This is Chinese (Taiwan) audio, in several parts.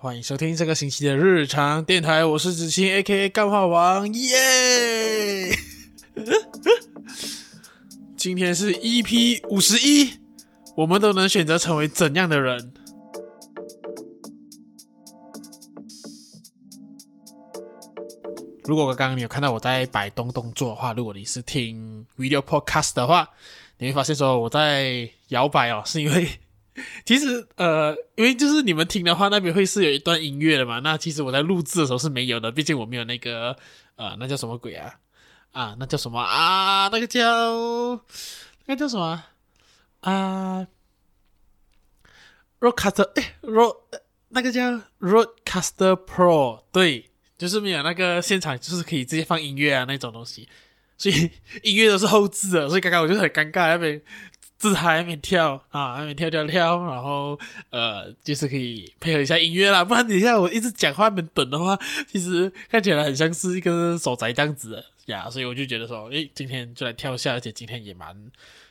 歡迎收聽這個星期的日常電台，我是子清，A.K.A. 幹化王，耶、yeah! 今天是 EP 五十一，我們都能選擇成為怎樣的人？如果剛剛你有看到我在擺動動作的話，如果你是聽 video podcast 的話，你會發現說我在搖擺哦，是因為。其實呃，因為就是你們聽的話，那邊會是有一段音樂的嘛。那其實我在錄制的時候是沒有的，畢竟我沒有那個呃，那叫什麼鬼啊？啊，那叫什麼啊？那個叫，那個叫什麼啊？RODECaster，哎，Rode，那個叫 RODECaster Pro，對，就是沒有那個現場，就是可以直接放音樂啊那種東西。所以音樂都是後製的，所以剛剛我就很尷尬那邊。自嗨，還沒跳啊，還沒跳跳跳，然後呃，就是可以配合一下音樂啦，不然等一下我一直講話沒等的話，其實看起來很像是一個守宅這樣子呀，所以我就覺得說，哎、欸，今天就來跳一下，而且今天也蠻，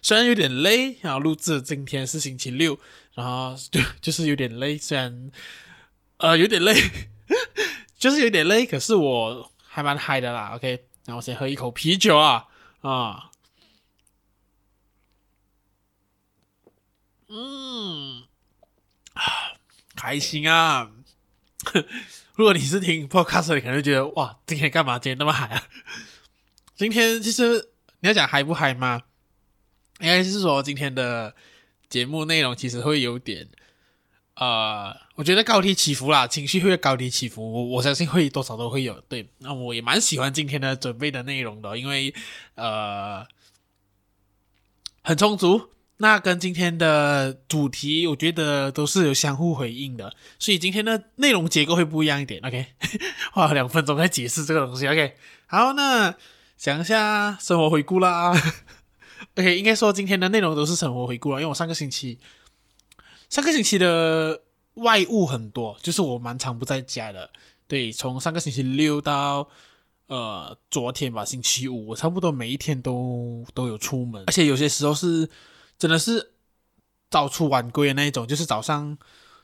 雖然有點累，然後錄制今天是星期六，然後就就是有點累，雖然呃有點累， 就是有點累，可是我還蠻嗨的啦，OK，那我先喝一口啤酒啊啊。嗯啊，開心啊！ 如果你是聽 Podcast 的，你可能就覺得哇，今天幹嘛？今天那麼嗨啊！今天其實你要講嗨不嗨嘛？應該就是說今天的節目內容其實會有點呃，我覺得高低起伏啦，情緒會高低起伏，我我相信會多少都會有，對。那、呃、我也蠻喜歡今天的準備的內容的，因為呃，很充足。那跟今天的主題，我覺得都是有相互回應的，所以今天的內容結構會不一樣一點。OK，花了兩分鐘在解釋這個東西。OK，好，那講一下生活回顧啦。OK，應該說今天的內容都是生活回顧啦，因為我上個星期，上個星期的外務很多，就是我蠻常不在家的。對，從上個星期六到呃昨天吧，星期五，我差不多每一天都都有出門，而且有些時候是。真的是早出晚歸的那一種，就是早上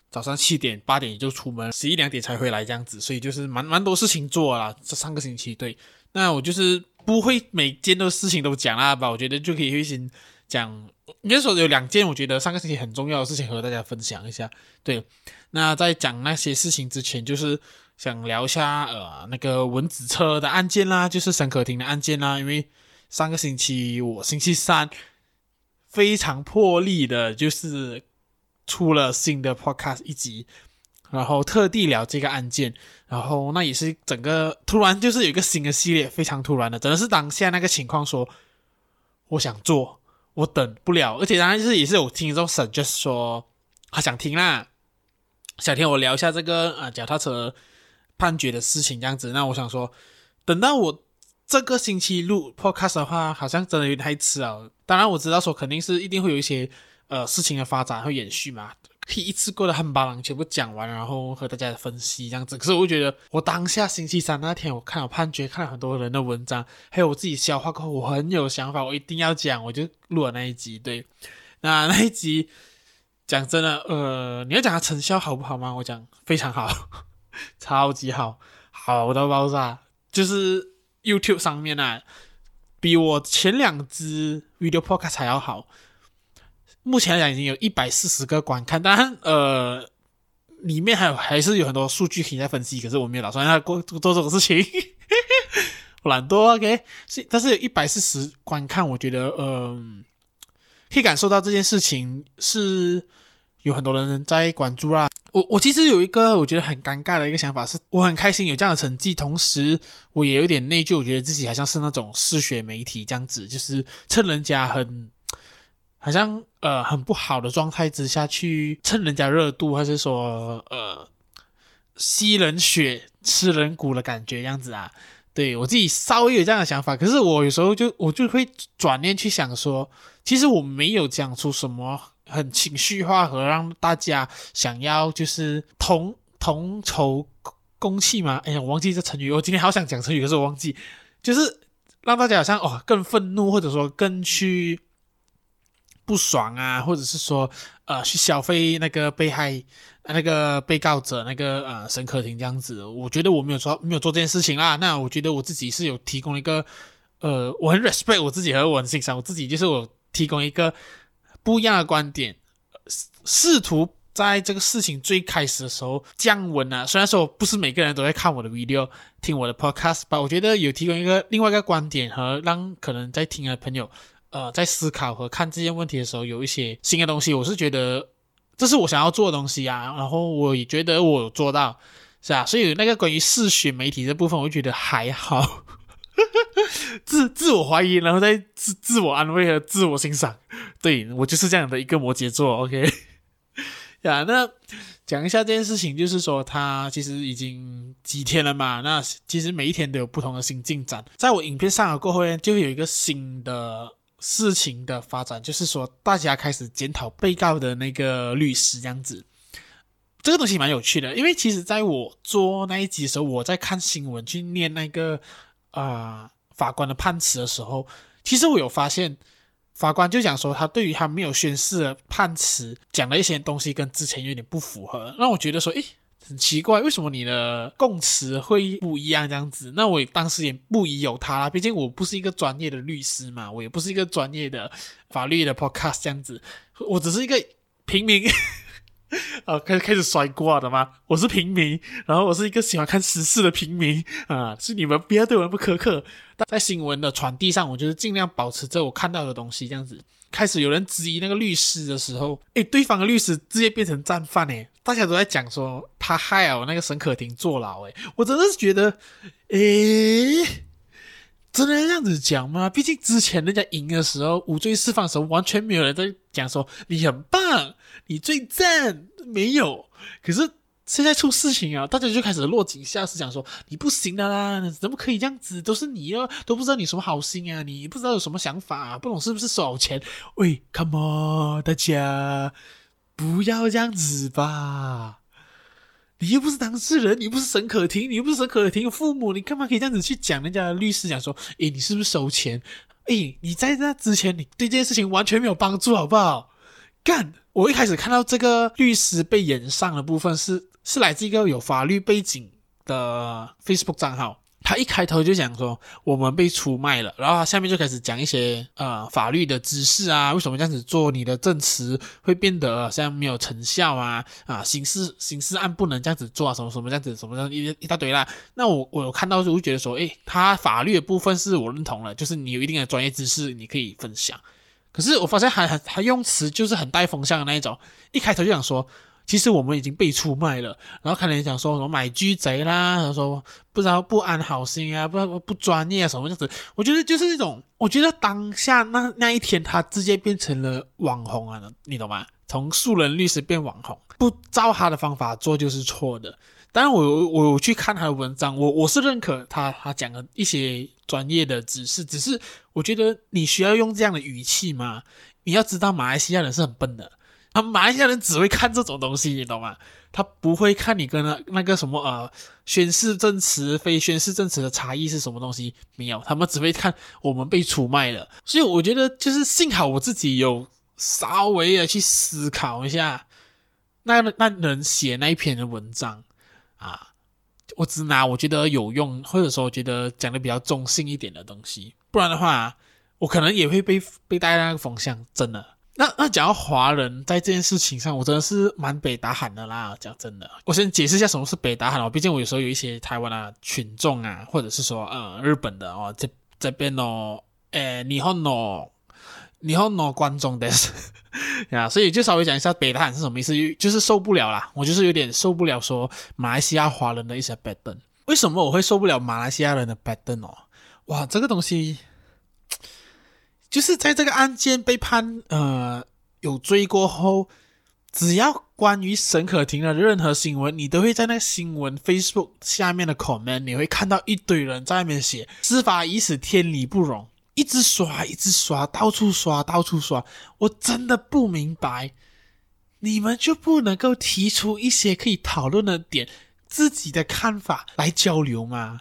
早上七點八點就出門，十一兩點才回來這樣子，所以就是蠻蠻多事情做啦這上個星期對，那我就是不會每件的事情都講啦吧，我覺得就可以預先講。應該說有兩件我覺得上個星期很重要的事情和大家分享一下。對，那在講那些事情之前，就是想聊一下呃那個蚊子車的案件啦，就是沈可婷的案件啦，因為上個星期我星期三。非常破例的，就是出了新的 podcast 一集，然後特地聊這個案件，然後那也是整個突然就是有一個新的系列，非常突然的，真的是當下那個情況說，我想做，我等不了，而且當然就是也是有聽眾說，就是說他想聽啦，想聽我聊一下這個啊腳踏車判決的事情這樣子，那我想說，等到我。這個星期錄 podcast 的話，好像真的有點太遲哦。當然我知道說肯定是一定會有一些呃事情的發展會延續嘛，可以一次過的很棒，全部講完，然後和大家分析這樣子。可是我會覺得我當下星期三那天，我看了判決，看了很多人的文章，還有我自己消化過後，我很有想法，我一定要講，我就錄了那一集。對，那那一集講真的，呃，你要講它成效好不好嗎？我講非常好，超級好，好到爆炸，就是。YouTube 上面呢、啊，比我前兩支 video podcast 還要好。目前來講，已經有一百四十個觀看，但呃，裡面還有還是有很多數據可以再分析。可是我沒有打算要過做，做這種事情， 我懶惰。OK，是，但是有一百四十觀看，我覺得嗯、呃，可以感受到這件事情是。有很多人在關注啦。我我其實有一個我覺得很尷尬的一個想法是，我很開心有這樣的成績，同時我也有點內疚，我覺得自己好像是那種嗜血媒體這樣子，就是趁人家很好像呃很不好的狀態之下去趁人家熱度，還是說呃吸人血吃人骨的感覺這樣子啊。對我自己稍微有這樣的想法，可是我有時候就我就會轉念去想說，其實我沒有講出什麼。很情緒化和讓大家想要就是同同仇共共氣嘛？哎呀，我忘記這成語。我今天好想講成語，可是我忘記，就是讓大家好像哦更憤怒，或者說更去不爽啊，或者是說呃去消費那個被害、呃、那個被告者那個呃沈可婷這樣子。我覺得我沒有做沒有做這件事情啦。那我覺得我自己是有提供一個呃，我很 respect 我自己和我很欣賞我自己，就是我提供一個。不一樣的觀點，試圖在這個事情最開始的時候降溫啊。雖然說不是每個人都在看我的 video、聽我的 podcast 吧，我覺得有提供一個另外一個觀點和讓可能在聽的朋友，呃，在思考和看這些問題的時候有一些新的東西。我是覺得這是我想要做的東西啊，然後我也覺得我有做到，是吧？所以那個關於視覺媒體這部分，我覺得還好。 自自我懷疑，然後再自自我安慰和自我欣賞。對，我就是這樣的一個摩羯座。OK，來， yeah, 那講一下這件事情，就是說，他其實已經幾天了嘛。那其實每一天都有不同的新進展。在我影片上了過後，就有一個新的事情的發展，就是說，大家開始檢討被告的那個律師這樣子。這個東西蠻有趣的，因為其實在我做那一集的時候，我在看新聞去念那個。啊、呃，法官的判詞的時候，其實我有發現，法官就講說，他對於他沒有宣誓的判詞講了一些東西，跟之前有點不符合，讓我覺得說，誒，很奇怪，為什麼你的供詞會不一樣這樣子？那我當時也不疑有他啦，畢竟我不是一個專業的律師嘛，我也不是一個專業的法律的 podcast 這樣子，我只是一個平民。呃， 開始開始甩鍋的嗎？我是平民，然後我是一個喜歡看時事的平民啊，是你們不要對我那麼苛刻。但在新聞的傳遞上，我就是盡量保持着我看到的東西這樣子。開始有人質疑那個律師的時候，誒、欸，對方的律師直接變成戰犯誒、欸，大家都在講說他害了我那個沈可婷坐牢誒、欸，我真的是覺得，誒、欸。真的這樣子講嗎？畢竟之前人家贏的時候，無罪釋放的時候，完全沒有人在講說你很棒，你最讚，沒有。可是現在出事情啊，大家就開始落井下石，講說你不行的啦，怎麼可以這樣子？都是你啊，都不知道你什麼好心啊，你不知道有什麼想法，啊，不懂是不是收錢？喂，come on，大家不要這樣子吧。你又不是當事人，你又不是沈可婷，你又不是沈可婷的父母，你幹嘛可以這樣子去講？人家的律師講說，誒，你是不是收錢？誒，你在這之前，你對這件事情完全沒有幫助，好不好？幹，我一開始看到這個律師被延上的部分是，是是來自一個有法律背景的 Facebook 賬號他一開頭就想說我們被出賣了，然後他下面就開始講一些呃法律的知識啊，為什麼這樣子做，你的證詞會變得像沒有成效啊啊，刑事刑事案不能這樣子做啊，什麼什麼這樣子，什麼什麼一一大堆啦。那我我有看到就覺得說，哎，他法律的部分是我認同了，就是你有一定的專業知識，你可以分享。可是我發現還還還用詞就是很帶風向的那一種，一開頭就想說。其實我們已經被出賣了，然後看人講說什麼賣國賊啦，他說不知道不安好心啊，不知道不專業啊什麼樣子。我覺得就是那種，我覺得當下那那一天他直接變成了網紅啊，你懂嗎？從素人律師變網紅，不照他的方法做就是錯的。當然我我我去看他的文章，我我是認可他他講的一些專業的知識，只是我覺得你需要用這樣的語氣嘛？你要知道馬來西亞人是很笨的。他們馬來西亞人只會看這種東西，你懂嗎？他不會看你跟那那個什麼呃宣誓證詞非、非宣誓證詞的差異是什麼東西，沒有，他們只會看我們被出賣了。所以我覺得就是幸好我自己有稍微的去思考一下，那那人寫那一篇的文章啊，我只拿我覺得有用，或者說我覺得講的比較中性一點的東西，不然的話我可能也會被被帶那個風向，真的。那那講到華人在這件事情上，我真的是蠻北大喊的啦。講真的，我先解釋一下什麼是北大喊哦。畢竟我有時候有一些台灣的、啊、群眾啊，或者是說嗯、呃、日本的哦，這這邊哦，誒、欸，日本哦，日本哦，觀眾的，啊、 yeah,，所以就稍微講一下北大喊是什麼意思，就是受不了啦。我就是有點受不了說馬來西亞華人的一些 pattern。為什麼我會受不了馬來西亞人的 pattern 哦？哇，這個東西。就是在這個案件被判呃，有罪過後，只要關於沈可婷的任何新聞，你都會在那個新聞 Facebook 下面的 comment，你會看到一堆人在那邊寫“司法已死，天理不容”，一直刷，一直刷，到處刷，到處刷。我真的不明白，你們就不能夠提出一些可以討論的點，自己的看法來交流嗎？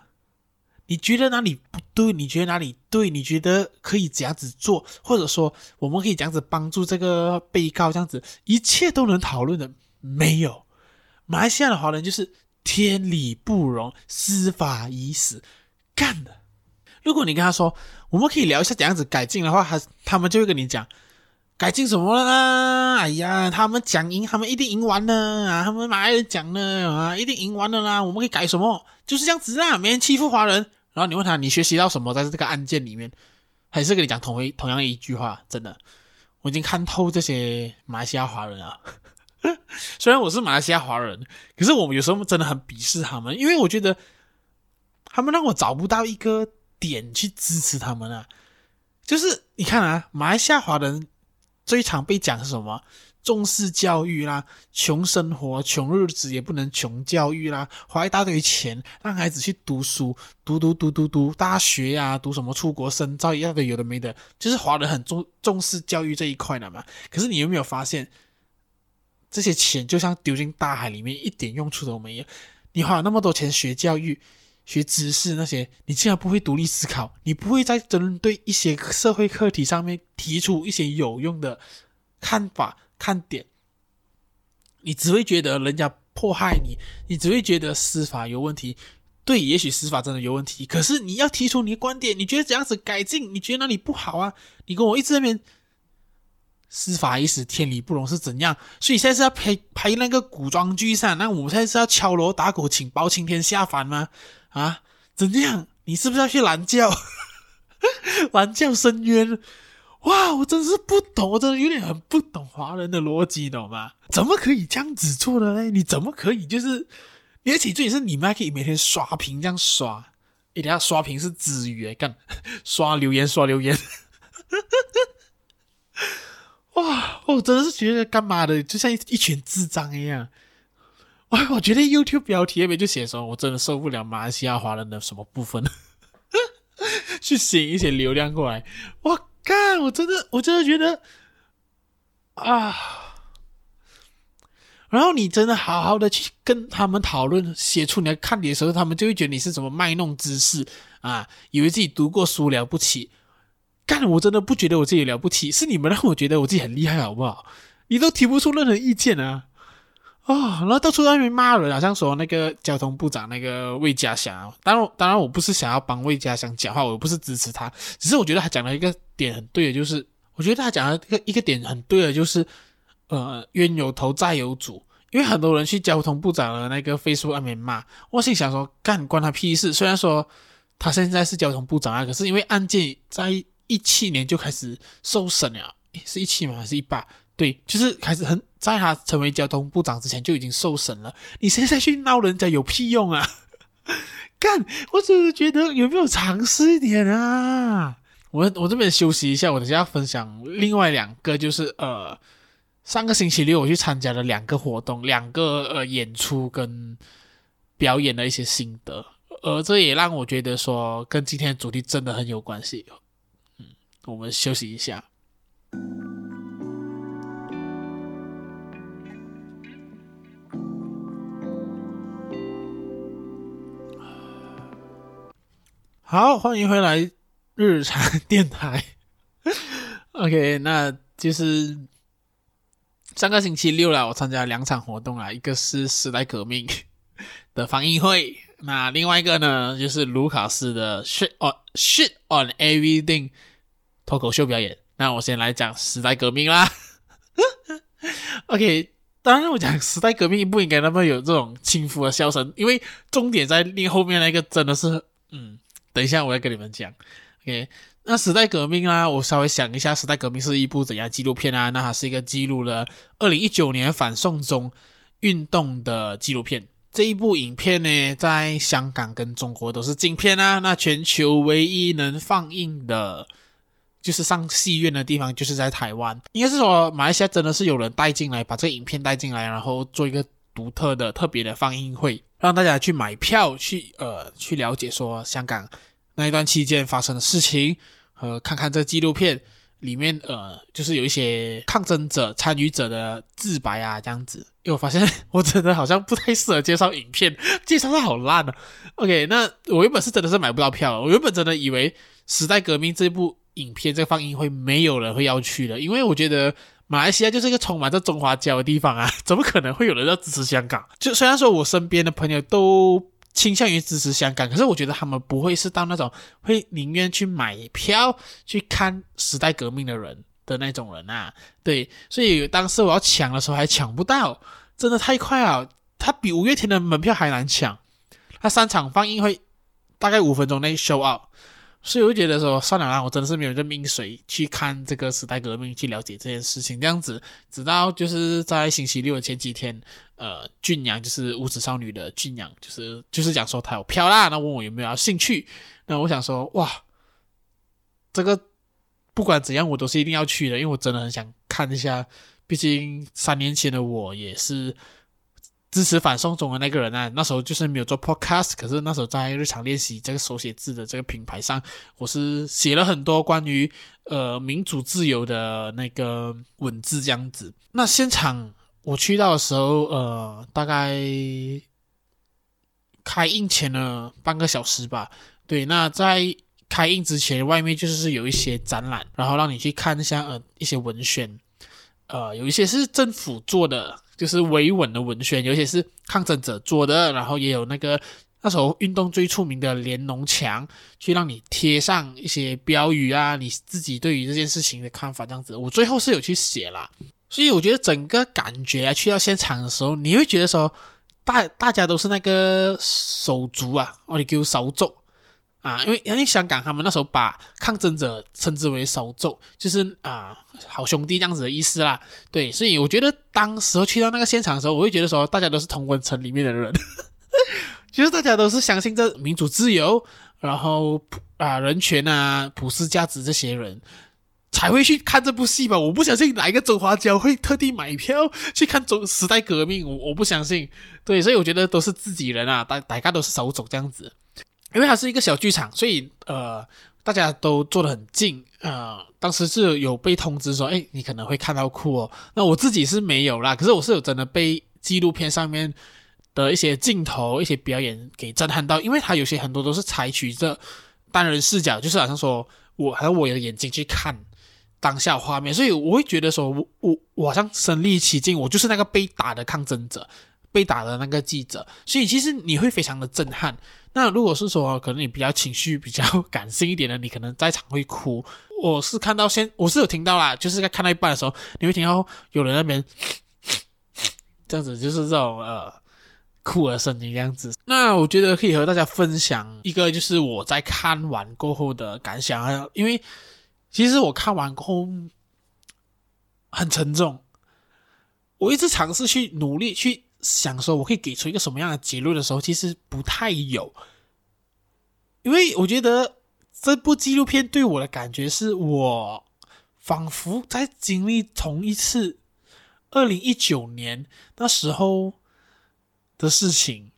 你覺得哪裡不對？你覺得哪裡對？你覺得可以這樣子做，或者說我們可以這樣子幫助這個被告，這樣子一切都能討論的沒有？馬來西亞的華人就是天理不容，司法已死，幹的。如果你跟他說我們可以聊一下怎樣子改進的話，他他們就會跟你講改進什麼了啊？哎呀，他們講贏，他們一定贏完了啊！他們馬來人講呢啊，一定贏完了啦啊！我們可以改什麼？就是這樣子啊，沒人欺負華人。然後你問他，你學習到什麼？在這個案件裡面，還是跟你講同一同樣一句話。真的，我已經看透這些馬來西亞華人啊。 雖然我是馬來西亞華人，可是我有時候真的很鄙視他們，因為我覺得他們讓我找不到一個點去支持他們啊，就是你看啊，馬來西亞華人最常被講是什麼？重視教育啦，窮生活窮日子也不能窮教育啦，花一大堆錢讓孩子去讀書，讀讀讀讀讀大學呀、啊，讀什麼出國深造，照一樣的有的沒的，就是花的很重重視教育這一塊的嘛。可是你有沒有發現，這些錢就像丟進大海裡面，一點用處都沒有？你花了那麼多錢學教育、學知識那些，你竟然不會獨立思考，你不會在針對一些社會課題上面提出一些有用的看法。看點，你只會覺得人家迫害你，你只會覺得司法有問題。對，也許司法真的有問題，可是你要提出你的觀點，你覺得怎樣子改進？你覺得哪裡不好啊？你跟我一直在那邊，司法已死，天理不容是怎樣？所以你現在是要拍拍那個古裝劇上，那我現在是要敲鑼打鼓請包青天下凡嗎？啊，怎樣？你是不是要去攔轎？攔 轎申冤？哇，我真的是不懂，我真的有點很不懂華人的邏輯，懂嗎？怎麼可以這樣子做的嘞？你怎麼可以就是？你的喜也是，你們還可以每天刷屏這樣刷，誒等一定要刷屏是資源干，刷留言刷留言。言 哇，我真的是覺得幹嘛的，就像一群智障一樣。哎，我覺得 YouTube 標題那邊就寫什麼，我真的受不了馬來西亞華人的什麼部分， 去寫一些流量過來，哇。看，我真的，我真的覺得，啊！然後你真的好好的去跟他們討論，寫出你要看你的時候，他們就會覺得你是什麼賣弄知識啊，以為自己讀過書了不起。幹，我真的不覺得我自己了不起，是你們讓我覺得我自己很厲害，好不好？你都提不出任何意見啊！啊、哦，然後到處外面罵人，好像說那個交通部長那個魏家祥。當然，當然我不是想要幫魏家祥講話，我不是支持他，只是我覺得他講的一個點很對的，就是我覺得他講的一個一個點很對的，就是呃，冤有頭債有主，因為很多人去交通部長的那個 Facebook 上面罵，我心想說幹，關他屁事。雖然說他現在是交通部長啊，可是因為案件在一七年就開始受審了，是一七還是一八？對，就是開始很，在他成為交通部長之前就已經受審了。你現在去鬧人家有屁用啊？幹，我只是，是覺得有沒有嘗試一點啊？我我這邊休息一下，我等一下分享另外兩個，就是呃，上個星期六我去參加了兩個活動，兩個呃演出跟表演的一些心得，而、呃、這也讓我覺得說跟今天的主題真的很有關係。嗯，我們休息一下。好，歡迎回來，日常電台。OK，那就是上個星期六啦，我參加兩場活動啊，一個是時代革命的放映會，那另外一個呢，就是盧卡斯的《Shit on Shit on Everything》脫口秀表演。那我先來講時代革命啦。OK，當然我講時代革命不應該那麼有這種輕浮的笑聲，因為重點在那後面那個真的是嗯。等一下，我再跟你們講。OK，那時代革命啊，我稍微想一下，時代革命是一部怎樣紀錄片啊？那它是一個記錄了二零一九年反送中運動的紀錄片。這一部影片呢，在香港跟中國都是禁片啊。那全球唯一能放映的，就是上戲院的地方，就是在台灣。應該是說，馬來西亞真的是有人帶進來，把這個影片帶進來，然後做一個。獨特的、特別的放映會，讓大家去買票去，呃，去了解說香港那一段期間發生的事情，和、呃、看看這紀錄片裡面，呃，就是有一些抗爭者參與者的自白啊，這樣子。因為我發現我真的好像不太適合介紹影片，介紹的好爛啊。OK，那我原本是真的是買不到票，我原本真的以為《時代革命》這部影片這個放映會沒有人會要去的，因為我覺得。馬來西亞就是一個充滿着中華膠的地方啊，怎麼可能會有人要支持香港？就雖然說我身邊的朋友都傾向於支持香港，可是我覺得他們不會是當那種會寧願去買票去看時代革命的人的那種人啊。對，所以當時我要搶的時候還搶不到，真的太快啊！它比五月天的門票還難搶，它三場放映會大概五分鐘內 show out。所以我覺得說，算了啦，啊，我真的是沒有任命誰去看這個時代革命，去了解這件事情這樣子。直到就是在星期六的前幾天，呃，俊陽就是《無恥少女》的俊陽，就是就是講說他有票啦，那問我有沒有興趣。那我想說，哇，這個不管怎樣，我都是一定要去的，因為我真的很想看一下。畢竟三年前的我也是。支持反送中的那個人啊，那時候就是沒有做 podcast，可是那時候在日常練習這個手寫字的這個品牌上，我是寫了很多關於呃民主自由的那個文字，這樣子。那現場我去到的時候，呃，大概開映前的半個小時吧。對，那在開映之前，外面就是有一些展覽，然後讓你去看一下呃一些文宣，呃，有一些是政府做的。就是維穩的文宣，尤其是抗爭者做的，然後也有那個那時候運動最出名的連儂牆，去讓你貼上一些標語啊，你自己對於這件事情的看法這樣子。我最後是有去寫了，所以我覺得整個感覺啊，去到現場的時候，你會覺得說，大大家都是那個手足啊，哦、你給我哋叫手足。啊，因為因為香港他們那時候把抗爭者稱之為手足，就是啊好兄弟這樣子的意思啦。對，所以我覺得當時候去到那個現場的時候，我會覺得說大家都是同溫層裡面的人， 就是大家都是相信這民主自由，然後啊人權啊普世價值這些人才會去看這部戲吧。我不相信哪一個中華教會特地買票去看中時代革命，我我不相信。對，所以我覺得都是自己人啊，大大概都是手足這樣子。因為它是一個小劇場，所以呃，大家都坐得很近啊、呃。當時是有被通知說，哎，你可能會看到哭哦。那我自己是沒有啦，可是我是有真的被紀錄片上面的一些鏡頭、一些表演給震撼到。因為它有些很多都是採取這單人視角，就是好像說我好像我的眼睛去看當下畫面，所以我會覺得說我，我我我好像身臨其境，我就是那個被打的抗爭者。被打的那個記者，所以其實你會非常的震撼。那如果是說，可能你比較情緒比較感性一點的，你可能在場會哭。我是看到先，我是有聽到啦，就是在看到一半的時候，你會聽到有人在那邊這樣子，就是這種呃哭的聲音這樣子。那我覺得可以和大家分享一個，就是我在看完過後的感想啊，因為其實我看完過後很沉重，我一直嘗試去努力去。想說，我可以給出一個什麼樣的結論的時候，其實不太有，因為我覺得這部紀錄片對我的感覺是，我仿佛在經歷同一次二零一九年那時候的事情。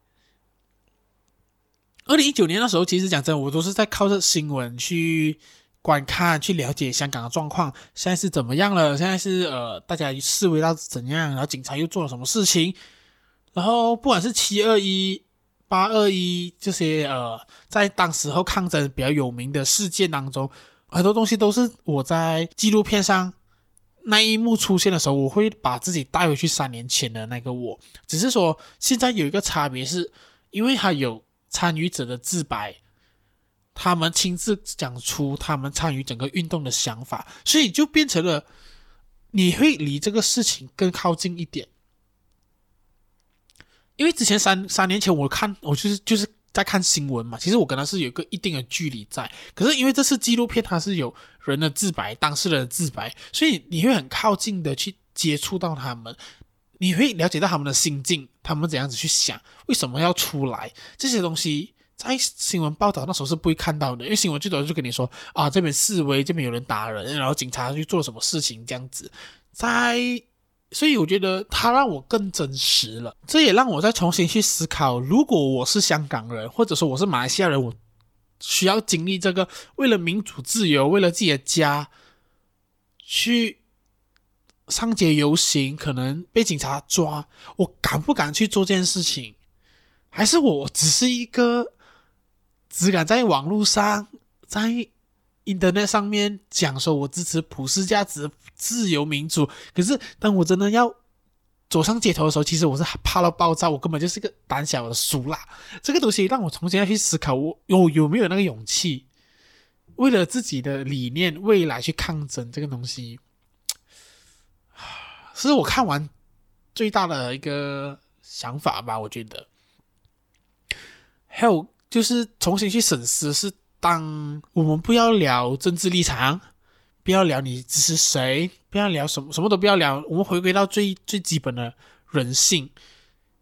二零一九年那時候，其實講真的，我都是在靠着新聞去觀看、去了解香港的狀況，現在是怎麼樣了？現在是呃，大家示威到怎樣？然後警察又做了什麼事情？然後，不管是七二一、八二一這些呃，在當時候抗爭比較有名的事件當中，很多東西都是我在紀錄片上那一幕出現的時候，我會把自己帶回去三年前的那個我。只是說，現在有一個差別是，因為他有參與者的自白，他們親自講出他們參與整個運動的想法，所以就變成了你會離這個事情更靠近一點。因為之前三三年前，我看我就是就是在看新聞嘛，其實我跟他是有一個一定的距離在。可是因為這次紀錄片，它是有人的自白，當事人的自白，所以你會很靠近的去接觸到他們，你會了解到他們的心境，他們怎樣子去想，為什麼要出來，這些東西在新聞報道那時候是不會看到的，因為新聞最多就跟你說啊，這邊示威，這邊有人打人，然後警察去做什麼事情這樣子，在。所以我覺得他讓我更真實了，這也讓我再重新去思考：如果我是香港人，或者說我是馬來西亞人，我需要經歷這個為了民主自由、為了自己的家，去上街遊行，可能被警察抓，我敢不敢去做這件事情？還是我只是一個只敢在網絡上、在 internet 上面講說，我支持普世價值？自由民主，可是當我真的要走上街頭的時候，其實我是怕到爆炸，我根本就是個膽小的俗辣。這個東西讓我重新要去思考我，我有有沒有那個勇氣，為了自己的理念、未來去抗爭？這個東西，是我看完最大的一個想法吧。我覺得，還有就是重新去審視，是當我們不要聊政治立場。不要聊你支持誰，不要聊什麼，什麼都不要聊。我們回歸到最最基本的人性，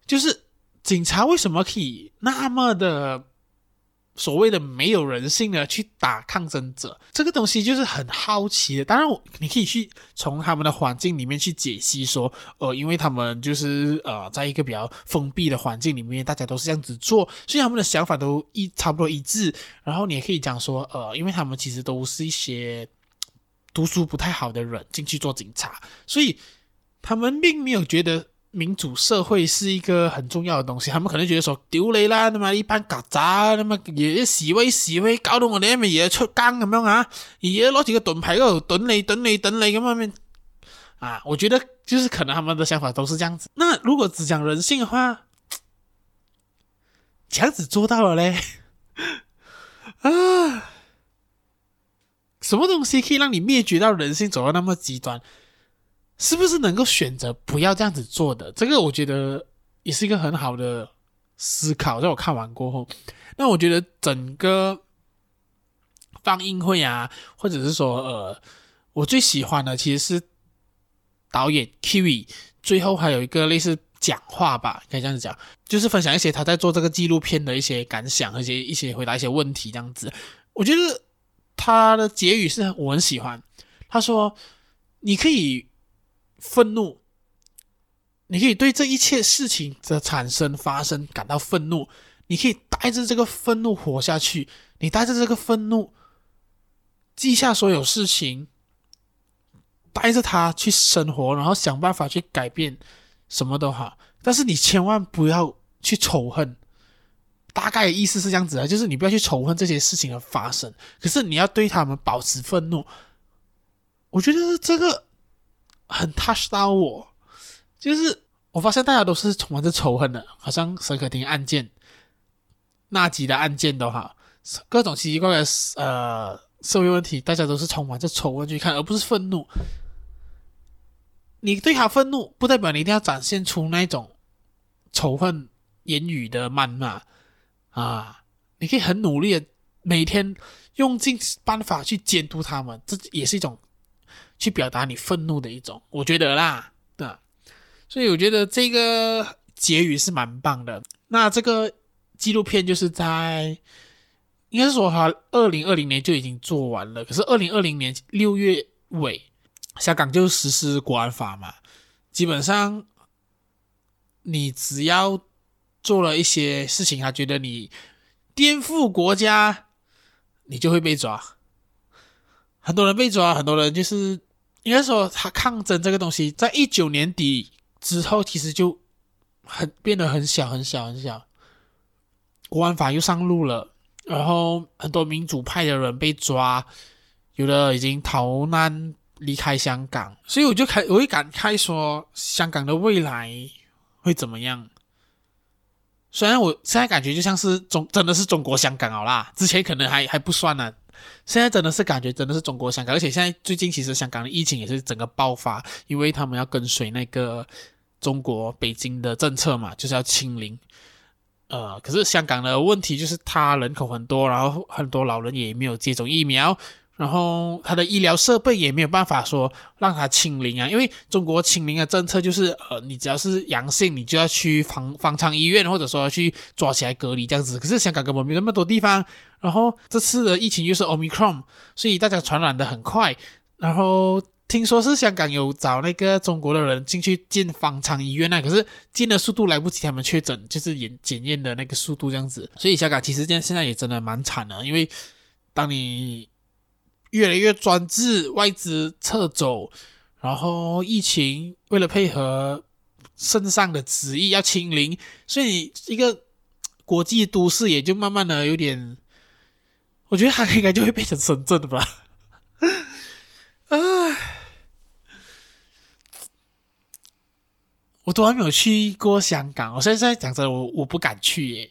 就是警察為什麼可以那麼的所謂的沒有人性的去打抗爭者？這個東西就是很好奇的。當然，你可以去從他們的環境裡面去解析說，說呃，因為他們就是呃，在一個比較封閉的環境裡面，大家都是這樣子做，所以他們的想法都一差不多一致。然後你也可以講說，呃，因為他們其實都是一些。讀書不太好的人進去做警察，所以他們並沒有覺得民主社會是一個很重要的東西。他們可能覺得說：“丟你啦，那麼一班曱甴，你媽也示威示威，搞到我哋咪也出更咁樣啊，也攞幾個盾牌嗰度盾你盾你盾你咁樣面啊！”我覺得就是可能他們的想法都是這樣子。那如果只講人性的話，這樣子做到了呢？ 啊！什麼東西可以讓你滅絕到人性走到那麼極端？是不是能夠選擇不要這樣子做的？這個我覺得也是一個很好的思考。在我看完過後，那我覺得整個放映會啊，或者是說呃，我最喜歡的其實是導演 Kiwi，最後還有一個類似講話吧，可以這樣子講，就是分享一些他在做這個紀錄片的一些感想，而且一些回答一些問題這樣子。我覺得。他的結語是我很喜歡。他說：“你可以憤怒，你可以對這一切事情的產生發生感到憤怒，你可以帶着這個憤怒活下去。你帶着這個憤怒記下所有事情，帶着它去生活，然後想辦法去改變，什麼都好。但是你千萬不要去仇恨。”大概的意思是這樣子啊，就是你不要去仇恨這些事情的發生，可是你要對他們保持憤怒。我覺得這個很 touch 到我，就是我發現大家都是充滿着仇恨的，好像沈可婷案件、納吉的案件都好，各種奇奇怪怪的呃社會問題，大家都是充滿着仇恨去看，而不是憤怒。你對他憤怒，不代表你一定要展現出那種仇恨言語的謾罵。啊，你可以很努力的每天用盡辦法去監督他們，這也是一種去表達你憤怒的一種，我覺得啦，對，所以我覺得這個結語是蠻棒的。那這個紀錄片就是在應該是說，他二零二零年就已經做完了。可是二零二零年六月尾，香港就實施國安法嘛，基本上你只要。做了一些事情，他覺得你顛覆國家，你就會被抓。很多人被抓，很多人就是應該說，他抗爭這個東西，在一九年底之後，其實就很變得很小很小很小。國安法又上路了，然後很多民主派的人被抓，有的已經逃難離開香港。所以我就開，我會感慨說，香港的未來會怎麼樣？雖然我現在感覺就像是中，真的是中國香港好啦，之前可能還還不算呢啊，現在真的是感覺真的是中國香港。而且現在最近其實香港的疫情也是整個爆發，因為他們要跟隨那個中國北京的政策嘛，就是要清零。呃，可是香港的問題就是它人口很多，然後很多老人也沒有接種疫苗。然後他的醫療設備也沒有辦法說讓他清零啊，因為中國清零的政策就是，呃，你只要是陽性，你就要去方方艙醫院，或者說要去抓起來隔離這樣子。可是香港根本沒那麼多地方，然後這次的疫情又是奧密克戎，所以大家傳染的很快。然後聽說是香港有找那個中國的人進去進方艙醫院啊，可是進的速度來不及，他們確診就是檢檢驗的那個速度這樣子。所以香港其實現在現在也真的蠻慘的啊，因為當你。越來越專制，外資撤走，然後疫情，為了配合聖上的旨意要清零，所以一個國際都市也就慢慢的有點，我覺得它應該就會變成深圳的吧。唉、 啊，我都還沒有去過香港，我現在在講真的，我我不敢去耶。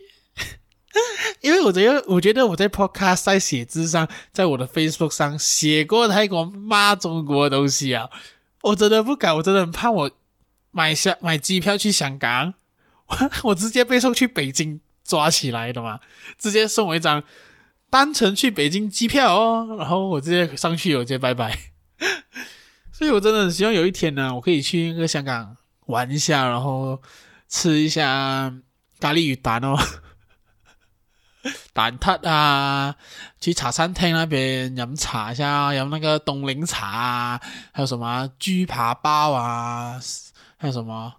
因為我覺得，我覺得我在 Podcast 在寫字上，在我的 Facebook 上寫過，泰國罵中國的東西啊！我真的不敢，我真的很怕，我買下買機票去香港我，我直接被送去北京抓起來的嘛？直接送我一張單程去北京機票哦，然後我直接上去、哦，我直接拜拜。所以我真的很希望有一天呢，我可以去那個香港玩一下，然後吃一下咖喱魚蛋哦。蛋撻啊，去茶餐廳那邊飲茶一下、啊，有那個凍檸茶啊，還有什麼豬扒包啊，還有什麼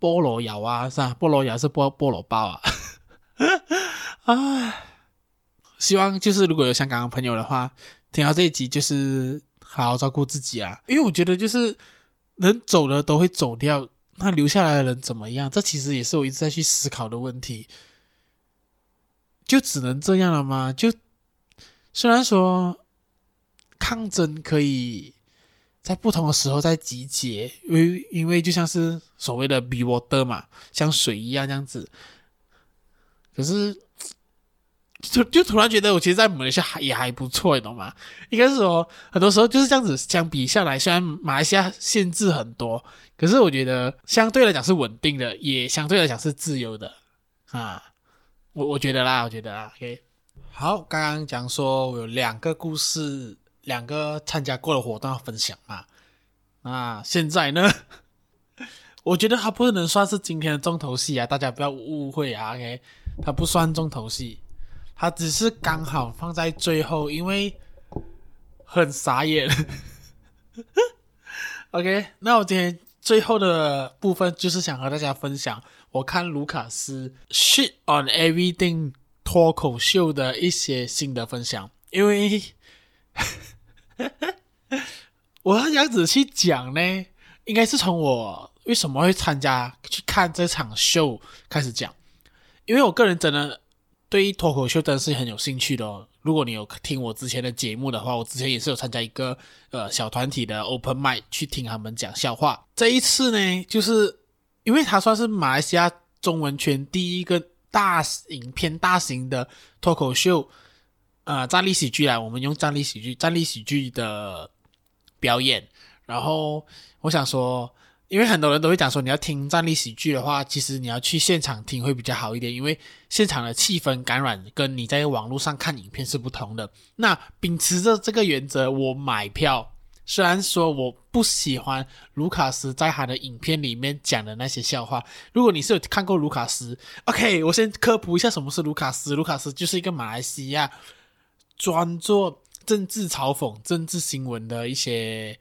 菠蘿油啊，是吧？菠蘿油是菠菠蘿包啊。唉、 啊，希望就是如果有香港的朋友的話，聽到這一集就是好好照顧自己啊，因為我覺得就是能走的都會走掉，那留下來的人怎麼樣？這其實也是我一直在去思考的問題。就只能這樣了嗎？就雖然說抗爭可以在不同的時候再集結，因為因為就像是所謂的 “be water” 嘛，像水一樣這樣子。可是就就突然覺得，我其實，在馬來西亞還也還不錯，你懂嗎？應該是說，很多時候就是這樣子。相比下來，雖然馬來西亞限制很多，可是我覺得相對來講是穩定的，也相對來講是自由的啊。我我覺得啦，我覺得啦，OK。好，剛剛講說我有兩個故事，兩個參加過的活動要分享嘛。現在呢，我覺得他不能算是今天的重頭戲啊，大家不要誤會啊，OK。他不算重頭戲，他只是剛好放在最後，因為很傻眼。 OK，那我今天。最後的部分就是想和大家分享，我看盧卡斯《Shit on Everything》脫口秀的一些心得分享。因為， 我想要仔細講呢，應該是從我為什麼會參加去看這場秀開始講，因為我個人真的對脫口秀真的是很有興趣的哦。如果你有聽我之前的節目的話，我之前也是有參加一個呃小團體的 open mic 去聽他們講笑話。這一次呢，就是因為他算是馬來西亞中文圈第一個大型偏大型的脫口秀，呃，站立喜劇啊，我們用站立喜劇、站立喜劇的表演。然後我想說。因為很多人都會講說，你要聽站立喜劇的話，其實你要去現場聽會比較好一點，因為現場的氣氛感染跟你在網絡上看影片是不同的。那秉持着這個原則，我買票。雖然說我不喜歡盧卡斯在他的影片裡面講的那些笑話，如果你是有看過盧卡斯，OK，我先科普一下什麼是盧卡斯。盧卡斯就是一個馬來西亞專做政治嘲諷、政治新聞的一些。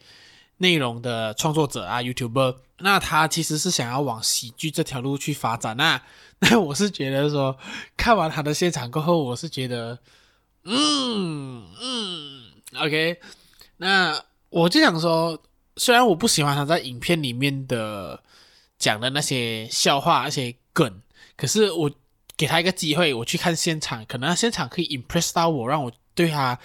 內容的創作者啊，YouTuber，那他其實是想要往喜劇這條路去發展那、啊、那我是覺得說，看完他的現場過後，我是覺得，嗯嗯，OK。那我就想說，雖然我不喜歡他在影片裡面的講的那些笑話、那些梗，可是我給他一個機會，我去看現場，可能他現場可以 impress 到我，讓我對他。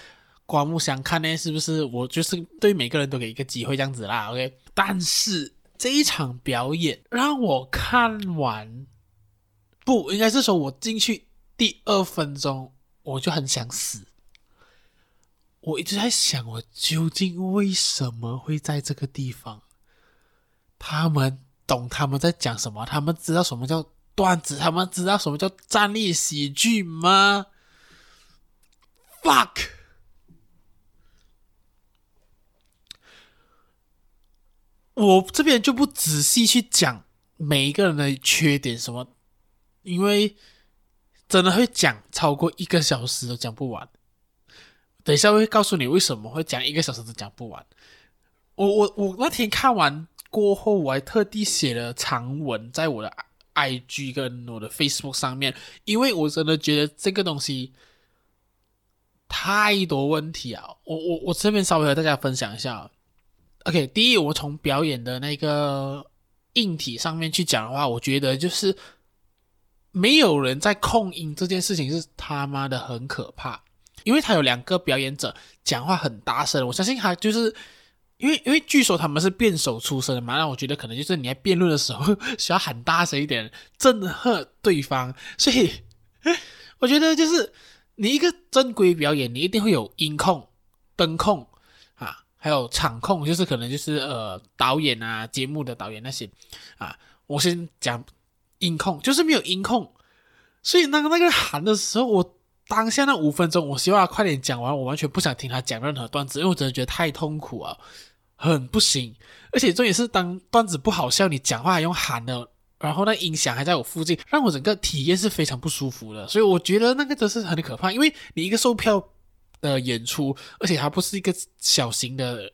刮目相看呢？是不是？我就是對每個人都給一個機會這樣子啦。OK，但是這一場表演讓我看完，不應該是說我進去第二分鐘我就很想死。我一直在想，我究竟為什麼會在這個地方？他們懂他們在講什麼？他們知道什麼叫段子？他們知道什麼叫站立喜劇嗎？Fuck！我這邊就不仔細去講每一個人的缺點什麼，因為真的會講超過一個小時都講不完。等一下我會告訴你為什麼會講一個小時都講不完。我我我那天看完過後，我還特地寫了長文在我的 IG 跟我的 Facebook 上面，因為我真的覺得這個東西太多問題啊。我我我這邊稍微和大家分享一下。OK，第一，我從表演的那個硬體上面去講的話，我覺得就是沒有人在控音這件事情是他媽的很可怕，因為他有兩個表演者講話很大聲，我相信他就是因為因為據說他們是辯手出身的嘛，那我覺得可能就是你在辯論的時候需要喊大聲一點，震撼對方，所以我覺得就是你一個正規表演，你一定會有音控、燈控。還有場控，就是可能就是呃導演啊，節目的導演那些，啊，我先講音控，就是沒有音控，所以那個那個喊的時候，我當下那五分鐘，我希望他快點講完，我完全不想聽他講任何段子，因為我真的覺得太痛苦啊，很不行。而且這也是，當段子不好笑，你講話還用喊的，然後那音響還在我附近，讓我整個體驗是非常不舒服的。所以我覺得那個真是很可怕，因為你一個售票的演出，而且他不是一個小型的，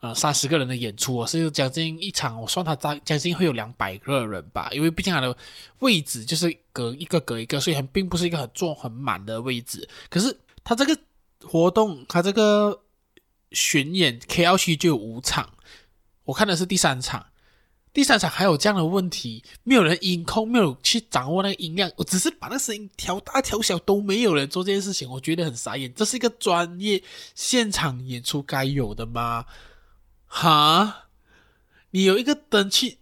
呃，三十個人的演出，我是將近一場，我算他大將近會有兩百個人吧，因為畢竟他的位置就是隔一個隔一個，所以很並不是一個很坐很滿的位置。可是他這個活動，他這個巡演 KLC 就有五場，我看的是第三場。第三場還有這樣的問題，沒有人音控，沒有去掌握那個音量，我只是把那個聲音調大調小都沒有人做這件事情，我覺得很傻眼。這是一個專業現場演出該有的嗎？哈，你有一個燈去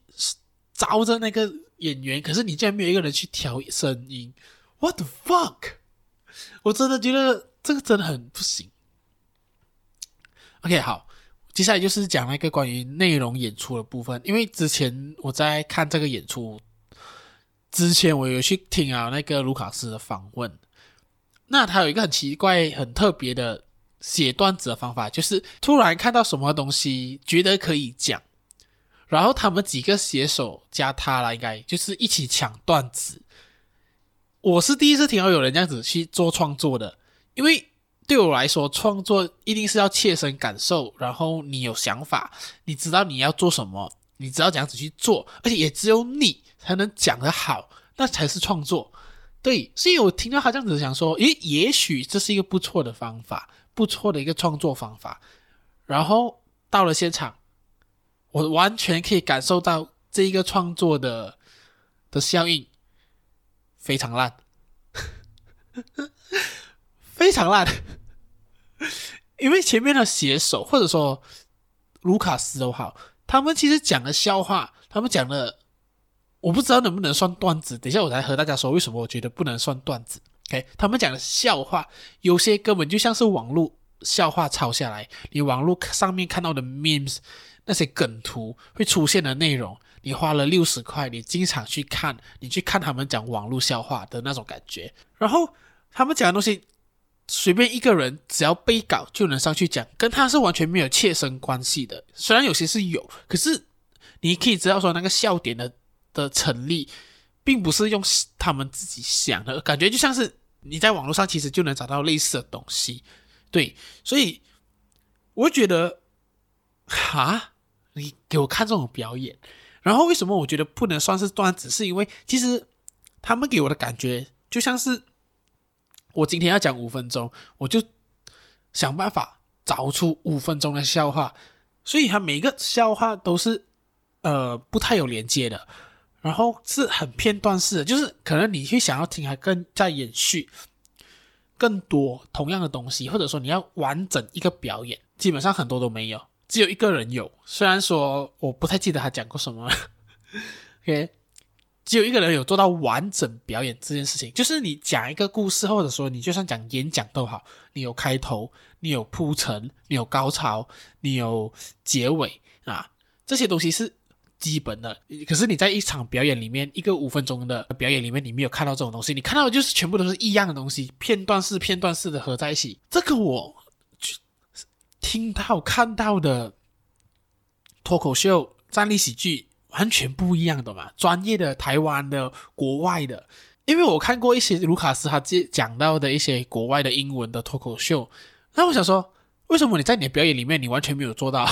照着那個演員，可是你竟然沒有一個人去調聲音，What the fuck！我真的覺得這個真的很不行。OK，好。接下來就是講那個關於內容演出的部分，因為之前我在看這個演出之前，我有去聽啊那個盧卡斯的訪問。那他有一個很奇怪、很特別的寫段子的方法，就是突然看到什麼東西，覺得可以講。然後他們幾個寫手加他了，應該就是一起搶段子。我是第一次聽到有人這樣子去做創作的，因為。對我來說，創作一定是要切身感受，然後你有想法，你知道你要做什麼，你知道怎樣子去做，而且也只有你才能講得好，那才是創作。對，所以我聽到他這樣子想說，誒，也許這是一個不錯的方法，不錯的一個創作方法。然後到了現場，我完全可以感受到這一個創作的的效應非常爛。 非常爛，因為前面的寫手或者說盧卡斯都好，他們其實講的笑話，他們講的我不知道能不能算段子。等一下我才和大家說為什麼我覺得不能算段子。OK，他們講的笑話有些根本就像是網絡笑話抄下來，你網絡上面看到的 memes 那些梗圖會出現的內容，你花了六十塊，你經常去看，你去看他們講網絡笑話的那種感覺，然後他們講的東西。隨便一個人，只要背稿就能上去講，跟他是完全沒有切身關係的。雖然有些是有，可是你可以知道說那個笑點的的成立，並不是用他們自己想的，感覺就像是你在網絡上其實就能找到類似的東西。對，所以我覺得，哈，你給我看這種表演，然後為什麼我覺得不能算是段子？是因為其實他們給我的感覺就像是。我今天要講五分鐘，我就想辦法找出五分鐘的笑話，所以他每個笑話都是呃不太有連接的，然後是很片段式的，就是可能你去想要聽還更再延續更多同樣的東西，或者說你要完整一個表演，基本上很多都沒有，只有一個人有。雖然說我不太記得他講過什麼 ，OK? 只有一個人有做到完整表演這件事情，就是你講一個故事，或者說你就算講演講都好，你有開頭，你有鋪陳，你有高潮，你有結尾啊，這些東西是基本的。可是你在一場表演裡面，一個五分鐘的表演裡面，你沒有看到這種東西，你看到的就是全部都是一樣的東西，片段式、片段式的合在一起。這個我聽到看到的脫口秀、站立喜劇。完全不一樣的嘛，專業的、台灣的、國外的，因為我看過一些盧卡斯他自己講到的一些國外的英文的脫口秀，那我想說，為什麼你在你的表演裡面你完全沒有做到？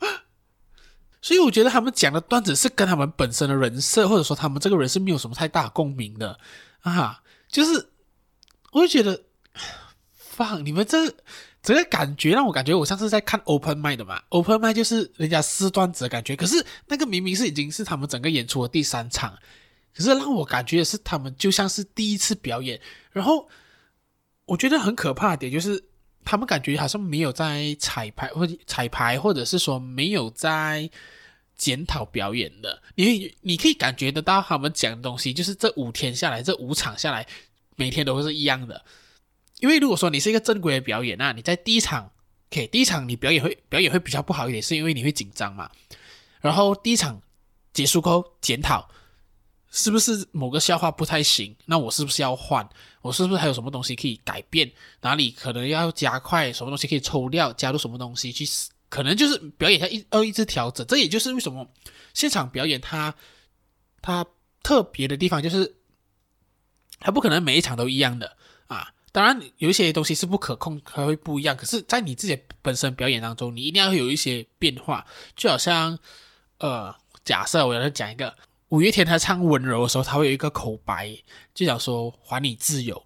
所以我覺得他們講的段子是跟他們本身的人設，或者說他們這個人是沒有什麼太大共鳴的啊，就是，我就覺得，放你們這。整個感覺讓我感覺我像是在看 Open mic 的嘛，Open mic 就是人家試段子的感覺。可是那個明明是已經是他們整個演出的第三場，可是讓我感覺的是他們就像是第一次表演。然後我覺得很可怕的點就是他們感覺好像沒有在彩排，或彩排，或者是說沒有在檢討表演的。你你可以感覺得到他們講的東西，就是這五天下來，這五場下來，每天都會是一樣的。因為如果說你是一個正規的表演，那你在第一場，Okay, 第一場你表演會表演會比較不好一點，是因為你會緊張嘛。然後第一場結束後檢討，是不是某個笑話不太行？那我是不是要換？我是不是還有什麼東西可以改變？哪裡可能要加快？什麼東西可以抽掉？加入什麼東西去？可能就是表演一下一要一直調整。這也就是為什麼現場表演它它特別的地方，就是它不可能每一場都一樣的啊。當然，有一些東西是不可控，它會不一樣。可是，在你自己本身表演當中，你一定要有一些變化。就好像，呃，假設我要講一個五月天，他唱《溫柔》的時候，他會有一個口白，就想說“還你自由”。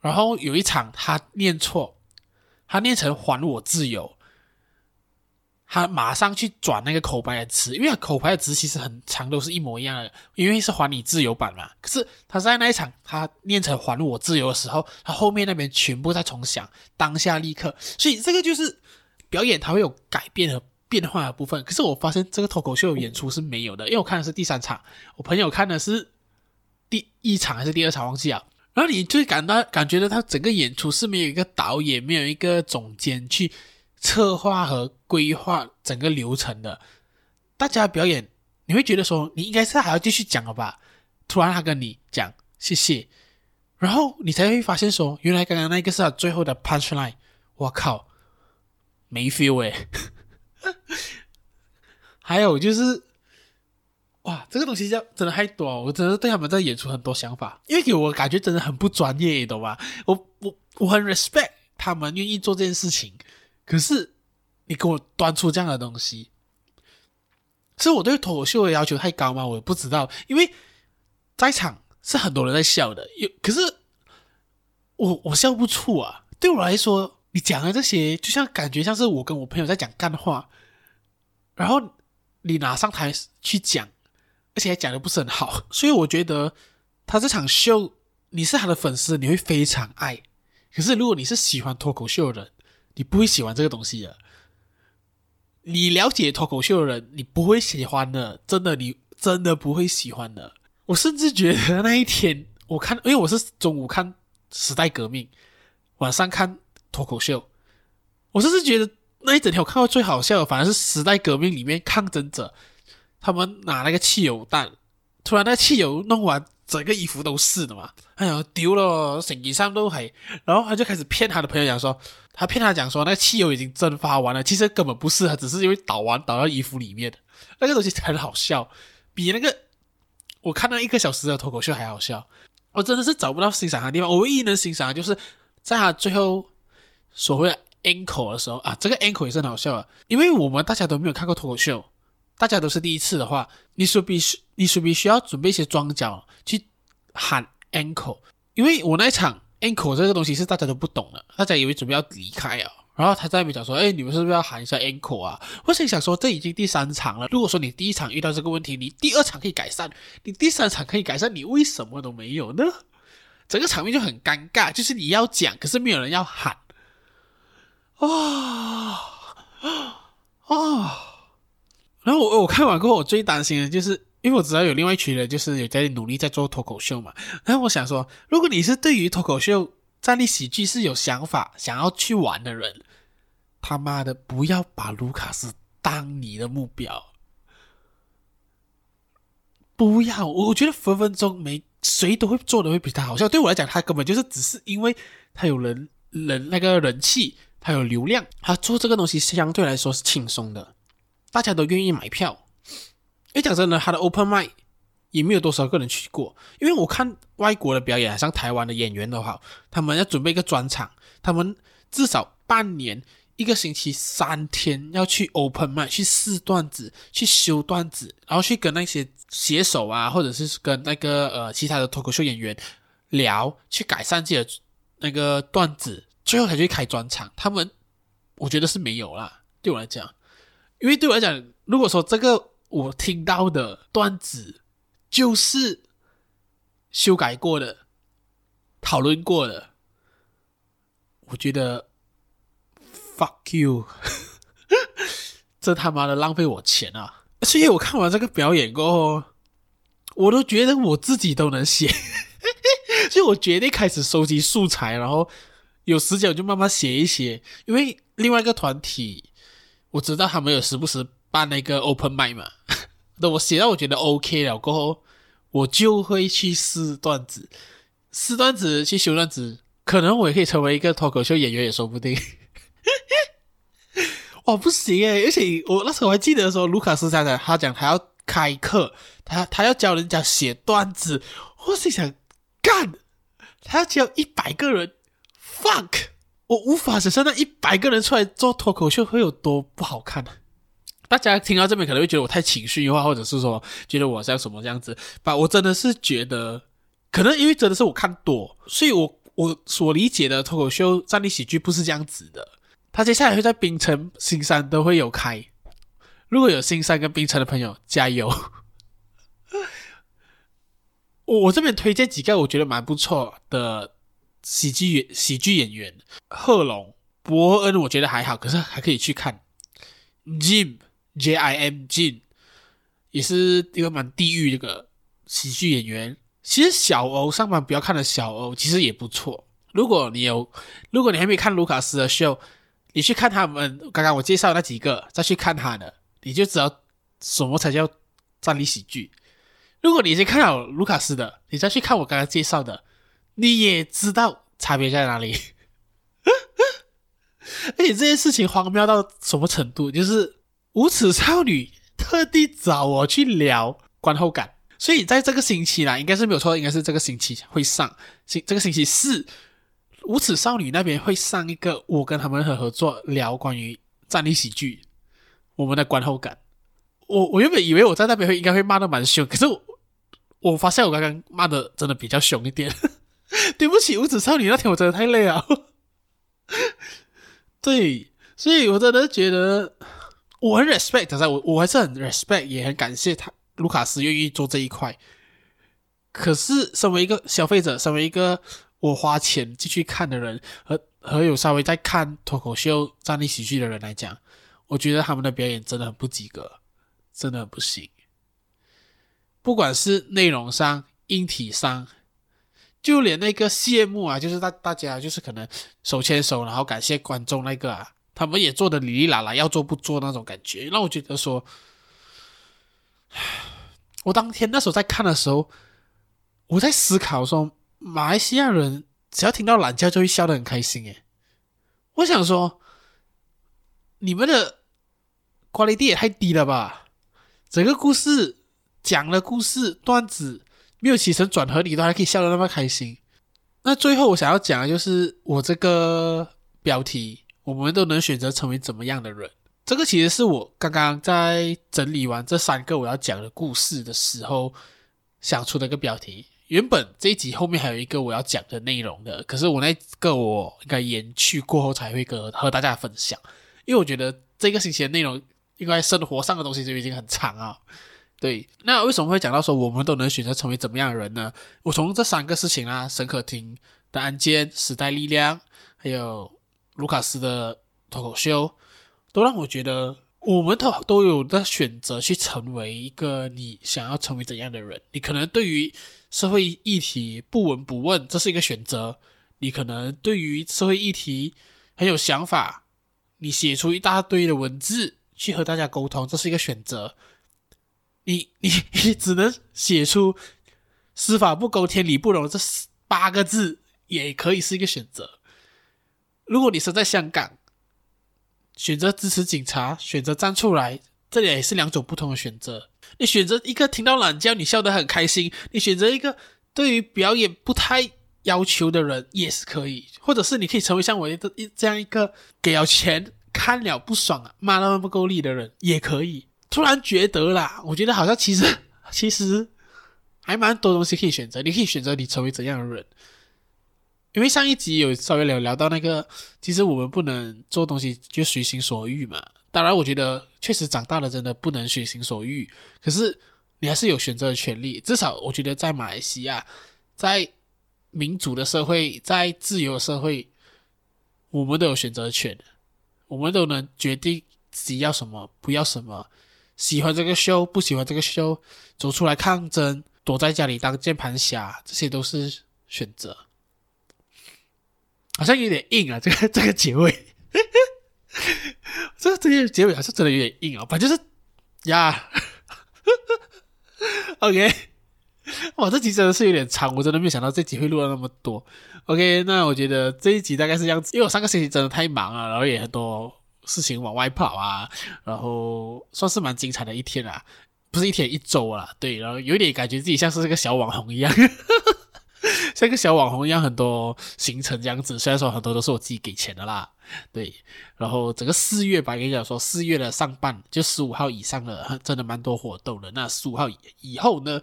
然後有一場他念錯，他念成“還我自由”。他馬上去轉那個口白的詞，因為他口白的詞其實很長，都是一模一樣的，因為是還你自由版嘛。可是他在那一場，他念成還我自由的時候，他後面那邊全部在重想當下立刻，所以這個就是表演，它會有改變和變化的部分。可是我發現這個脫口秀演出是沒有的，因為我看的是第三場，我朋友看的是第一場還是第二場，忘記啊。然後你就感到感覺到他整個演出是沒有一個導演，沒有一個總監去。策劃和規劃整個流程的，大家的表演，你會覺得說你應該是還要繼續講了吧？突然他跟你講謝謝，然後你才會發現說原來剛剛那個是他最後的 punchline。我靠，沒 feel 哎。 還有就是，哇，這個東西叫真的太多，我真的對他們在演出很多想法，因為給我感覺真的很不專業，你懂嗎？我我我很 respect 他們願意做這件事情。可是，你給我端出這樣的東西，是我對脫口秀的要求太高嗎？我也不知道，因為在場是很多人在笑的，有，可是我我笑不出啊。對我來說，你講的這些，就像感覺像是我跟我朋友在講幹話，然後你拿上台去講，而且還講的不是很好，所以我覺得他這場秀，你是他的粉絲，你會非常愛。可是如果你是喜歡脫口秀的，你不會喜歡這個東西的。你了解脫口秀的人，你不會喜歡的，真的，你真的不會喜歡的。我甚至覺得那一天，我看，因為我是中午看《時代革命》，晚上看脫口秀。我甚至覺得那一整天我看到最好笑的，反而是《時代革命》裡面抗爭者，他們拿那個汽油彈，突然那個汽油弄完整個衣服都是的嘛。哎呀，丟了，行李上都還，然後他就開始騙他的朋友講說。他騙他講說，那汽油已經蒸發完了，其實根本不是，他只是因為倒完倒到衣服裡面那個東西很好笑，比那個我看到一個小時的脫口秀還好笑。我真的是找不到欣賞的地方，我唯一能欣賞的就是在他最後所謂的安可的時候啊，這個安可也是很好笑的，因為我們大家都沒有看過脫口秀，大家都是第一次的話，你勢必是，你勢必需要準備一些樁腳去喊安可，因為我那一場。anchor 這個東西是大家都不懂的，大家以為準備要離開哦、啊，然後他在那邊講說，哎，你們是不是要喊一下 encore 啊？我心裡想說，這已經第三場了，如果說你第一場遇到這個問題，你第二場可以改善，你第三場可以改善，你為什麼都沒有呢？整個場面就很尷尬，就是你要講，可是沒有人要喊，啊、哦、啊、哦，然後我我看完過後，我最擔心的就是。因為我知道有另外一群人，就是有在努力在做脫口秀嘛。然後我想說，如果你是對於脫口秀，站立喜劇是有想法、想要去玩的人，他媽的不要把盧卡斯當你的目標。不要，我我覺得分分鐘沒誰都會做的會比他好笑。對我來講，他根本就是只是因為他有人人那個人氣，他有流量，他做這個東西相對來說是輕鬆的，大家都願意買票。講真的，他的 open 麥也沒有多少個人去過。因為我看外國的表演，像台灣的演員的話，他們要準備一個專場，他們至少半年、一個星期三天要去 open 麥，去試段子，去修段子，然後去跟那些寫手啊，或者是跟那個呃其他的脫口秀演員聊，去改善自己的那個段子，最後才去開專場。他們我覺得是沒有啦，對我來講，因為對我來講，如果說這個。我聽到的段子，就是修改過的、討論過的。我覺得 fuck you， 這他媽的浪費我錢啊！所以，我看完這個表演過後，我都覺得我自己都能寫，嘿嘿，所以，我決定開始收集素材，然後有時間我就慢慢寫一寫。因為另外一個團體，我知道他們有時不時。辦了一個 open mic 嘛，那我寫，到我覺得 OK 了過後，我就會去試段子，試段子去修段子，可能我也可以成為一個脫口秀演員，也說不定。 哇，不行欸，而且我那時候我還記得說，盧卡斯站長他講他要開課，他他要教人家寫段子，我是想幹，他要教一百個人，fuck，我無法想象那一百個人出來做脫口秀會有多不好看啊！大家聽到這邊可能會覺得我太情緒化，或者是說覺得我像什麼這樣子吧。我真的是覺得，可能因為真的是我看多，所以我我所理解的脫口秀、站立喜劇不是這樣子的。他接下來會在檳城、新山都會有開，如果有新山跟檳城的朋友，加油！我我這邊推薦幾個我覺得蠻不錯的喜劇喜劇演員：賀瓏、博恩，我覺得還好，可是還可以去看 Jim。J. I. M. Jin，也是一個蠻地獄一個喜劇演員。其實小歐上班不要看的小歐，其實也不錯。如果你有，如果你還沒看盧卡斯的秀，你去看他們剛剛我介紹那幾個，再去看他的，你就知道什麼才叫站立喜劇。如果你已經看好盧卡斯的，你再去看我剛剛介紹的，你也知道差別在哪裡。 而且這件事情荒謬到什麼程度，就是。無恥少女特地找我去聊觀後感，所以在這個星期啦，應該是沒有錯，應該是這個星期會上。星這個星期四，無恥少女那邊會上一個，我跟他們的合合作聊關於站立喜劇我們的觀後感。我我原本以為我在那邊會應該會罵得蠻凶，可是我我發現我剛剛罵得真的比較凶一點。 對不起，無恥少女那天我真的太累了。 對，所以我真的覺得。我很 respect，但是我我還是很 respect，也很感謝他，盧卡斯願意做這一塊。可是，身為一個消費者，身為一個我花錢進去看的人，和和有稍微在看脫口秀、站立喜劇的人來講，我覺得他們的表演真的很不及格，真的很不行。不管是內容上、硬體上，就連那個謝幕啊，就是大大家就是可能手牽手，然後感謝觀眾那個啊。他們也做的哩哩啦啦，要做不做那種感覺，讓我覺得說，我當天那時候在看的時候，我在思考說，馬來西亞人只要聽到懶覺就會笑得很開心，哎，我想說，你們的 quality 也太低了吧！整個故事講的故事段子沒有起承轉合你，你都還可以笑得那麼開心。那最後我想要講的就是我這個標題。我們都能選擇成為怎麼樣的人？這個其實是我剛剛在整理完這三個我要講的故事的時候想出的一個標題。原本這一集後面還有一個我要講的內容的，可是我那個我應該延續過後才會跟和大家分享，因為我覺得這個星期的內容應該生活上的東西就已經很長啊。對，那為什麼會講到說我們都能選擇成為怎麼樣的人呢？我從這三個事情啊，沈可婷的案件、時代力量，還有。盧卡斯的脫口秀都讓我覺得，我們都都有在選擇去成為一個你想要成為怎樣的人。你可能對於社會議題不聞不問，這是一個選擇；你可能對於社會議題很有想法，你寫出一大堆的文字去和大家溝通，這是一個選擇。你你你只能寫出“司法不公，天理不容”這八個字，也可以是一個選擇。如果你身在香港，選擇支持警察，選擇站出來，這也是兩種不同的選擇。你選擇一個聽到懶叫你笑得很開心，你選擇一個對於表演不太要求的人也是可以，或者是你可以成為像我一這樣一個給了錢看了不爽罵那麼不夠力的人也可以。突然覺得啦，我覺得好像其實其實還蠻多東西可以選擇，你可以選擇你成為怎樣的人。因為上一集有稍微聊聊到那個，其實我們不能做東西就隨心所欲嘛。當然，我覺得確實長大了，真的不能隨心所欲。可是你還是有選擇的權利。至少我覺得在馬來西亞，在民主的社會，在自由的社會，我們都有選擇權，我們都能決定自己要什麼，不要什麼，喜歡這個秀，不喜歡這個秀，走出來抗爭，躲在家裡當鍵盤俠，這些都是選擇。好像有點硬啊，這個這個結尾，這 這些結尾好像真的有點硬啊。反正就是呀、yeah. ，OK，哇，這集真的是有點長，我真的沒有想到這集會錄了那麼多。OK，那我覺得這一集大概是這樣子，因為我上個星期真的太忙了，然後也很多事情往外跑啊，然後算是蠻精彩的一天啊，不是一天，一周啊，對，然後有點感覺自己像是個小網紅一樣。 像個小網紅一樣，很多行程這樣子。雖然說很多都是我自己給錢的啦，對。然後整個四月吧，跟你講說，四月的上半就十五號以上的，真的蠻多活動的。那十五號以以後呢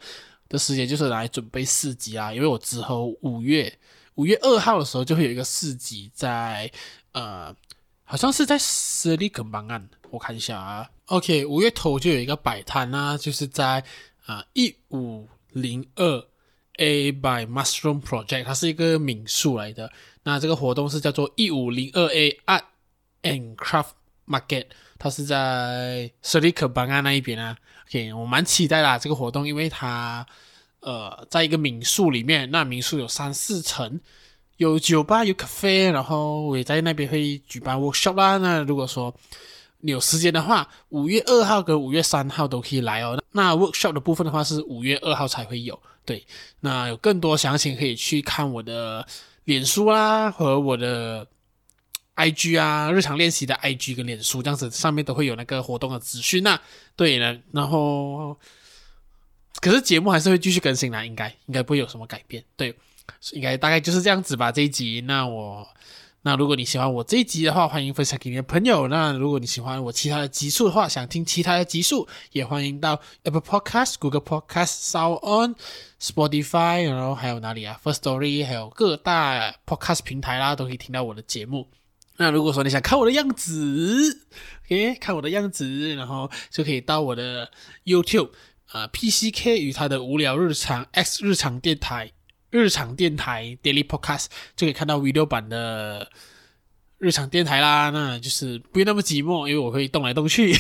的時間，就是來準備市集啊，因為我之後五月五月二號的時候就會有一個市集在呃，好像是在 Seri Kembangan 我看一下啊。OK，五月頭就有一個擺攤啊，就是在啊一五零二。呃 A by Mushroom Project，它是一個民宿來的。那這個活動是叫做一五零二 A Art and Craft Market，它是在 Seri Kembangan 那一邊啊。OK，我蠻期待啦這個活動，因為它呃在一個民宿裡面，那民宿有三四層，有酒吧有咖啡，然後我也在那邊會舉辦 workshop 啦。那如果說你有時間的話，五月二號跟五月三號都可以來哦。那 workshop 的部分的話是五月二號才會有。對，那有更多詳情可以去看我的臉書啊和我的 IG 啊，日常練習的 IG 跟臉書，這樣子上面都會有那個活動的資訊啊。那對呢，然後可是節目還是會繼續更新啦，應該應該不會有什麼改變。對，應該大概就是這樣子吧。這一集那我。那如果你喜歡我這一集的話，歡迎分享給你的朋友。那如果你喜歡我其他的集數的話，想聽其他的集數，也歡迎到 Apple Podcast、Google Podcast、SoundOn、Spotify，然後還有哪裡啊？First Story，還有各大 Podcast 平台啦，都可以聽到我的節目。那如果說你想看我的樣子，OK，看我的樣子，然後就可以到我的 YouTube 啊、呃、PCK 與他的無聊日常 X 日常電台。日常電台 Daily Podcast 就可以看到 video 版的日常電台啦，那就是不用那麼寂寞，因為我可以動來動去。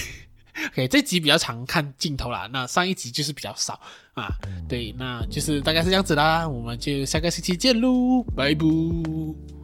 OK，這集比較常看鏡頭啦。那上一集就是比較少啊。對，那就是大概是這樣子啦。我們就下個星期見嘍，拜拜。